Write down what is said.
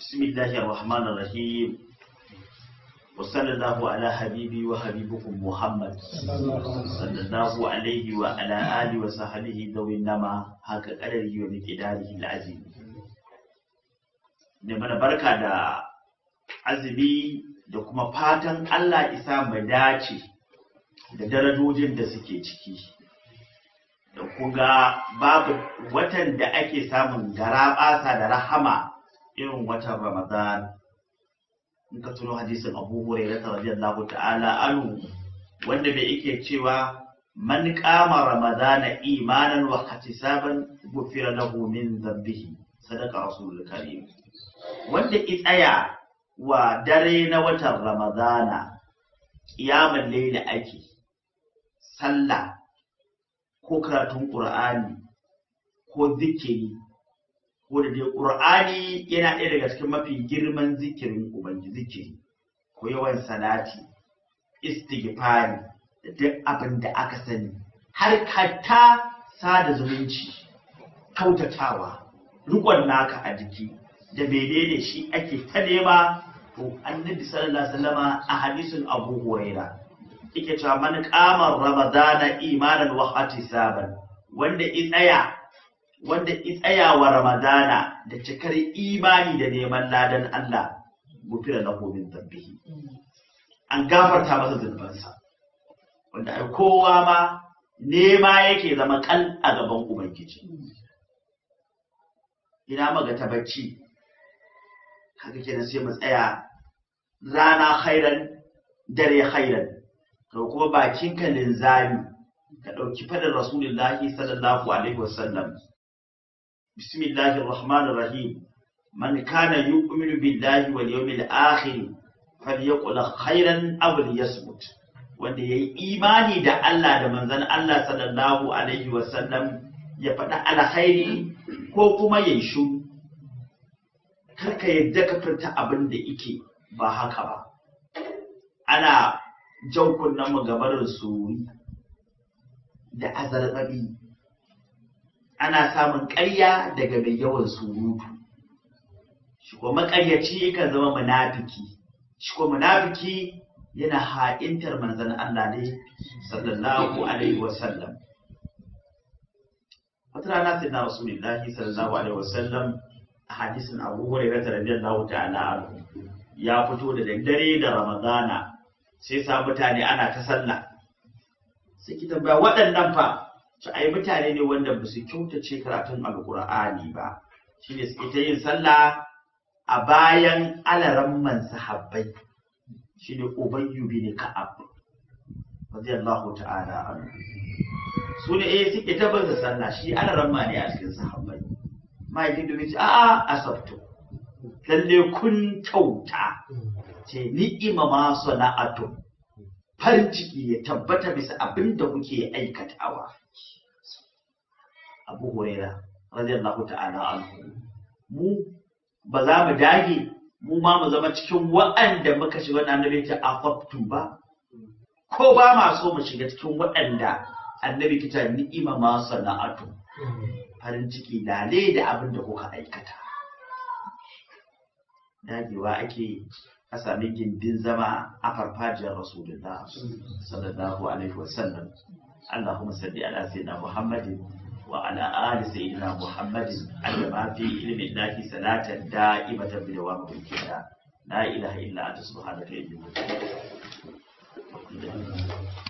بسم الله الرحمن الرحيم Muhammad, الله على حبيبي وحبيبكم محمد صلى الله عليه وعلى آله وصحبه ذوي النما هكا قدره ومقداره العظيم ne mana barka da azumi da kuma fatan Allah isa mu dace da darajojin da suke ciki da kuga babu watan da ake samun garaɓasa da rahama irin watan Ramadan in ka tuno hadisin Abu Hurairah radiyallahu ta'ala anu wanda bai yake cewa man qama ramadana imanan wa hatisaban gufira lahu min dhanbihi sadaqa rasulul karim wanda i tsaya wa dare na watan ramadana kiyamun laili ake sallah ko karatun qur'ani ko zikiri ko da dai qur'ani yana ɗaya daga cikin mafi girman zikirin ubangiji zikiri ko yawan salati istighfari da duk abin da aka sani har sa sada zumunci kautatawa rukon naka a jiki da menene shi ake ta nema to annabi sallallahu alaihi wasallama a hadisin abu huraira yake cewa man qama ramadana imanan wa ihtisaban wanda in tsaya wanda tsayawa ramadana da cikar imani da neman ladan Allah gufira na min dhanbihi an gafarta masa zunubansa wanda ai kowa ma nema yake zama kal a gaban ubangiji ina maga ta bacci haka kenan sai mu tsaya rana khairan dare khairan to kuma bakin ka linzami ka dauki fadar rasulullahi sallallahu alaihi wasallam بسم الله الرحمن الرحيم من كان يؤمن بالله واليوم الآخر فليقل خيرا أو ليصمت wanda ya yi imani da Allah da manzan Allah sallallahu alaihi wasallam ya faɗa alkhairi ko kuma ya yi shu karka yadda ka furta abin da ike ba haka ba ana jan kunnen mu su da azarbabi ana samun ƙarya daga mai yawan surutu shi kuma maƙaryaci kan zama munafiki shi kuma munafiki yana ha'intar manzon Allah ne sallallahu alaihi wasallam fatara na sai na rasulullahi sallallahu alaihi wasallam a hadisin abu hurairah radiyallahu ta'ala anhu ya fito da daddare da ramadana sai sa mutane ana ta sallah sai ki tambaya waɗannan fa ci ai mutane ne wanda ba su kyautace karatun alkur'ani ba ne suke ta yin sallah a bayan alaran man sahabbai ne ubayyu bin ka'ab radiyallahu ta'ala anhu su ne eh suke ta bar sallah shi alaran ma ne a cikin sahabbai mahaifin domin ce a'a asabtu lalle kun kyauta ce ni'ima ma sana'atun farin ciki ya tabbata bisa abin da kuke aikatawa abu huraira radiyallahu ta'ala anhu mu ba za mu dage mu ma mu zama cikin waɗanda muka shiga wannan annabi ta afaftu ba ko ba ma so mu shiga cikin waɗanda annabi ta ni'ima ma sana'atu farin ciki lale da abin da kuka aikata dagewa ake ka sami gindin zama a farfajiyar rasulullah sallallahu alaihi wasallam allahumma salli ala sayyidina muhammadin wa ala ali sayyidina muhammadin allama fi ilmin lahi salatan da'imatan bi dawam mulkina la ilaha illa anta subhanaka inni kuntu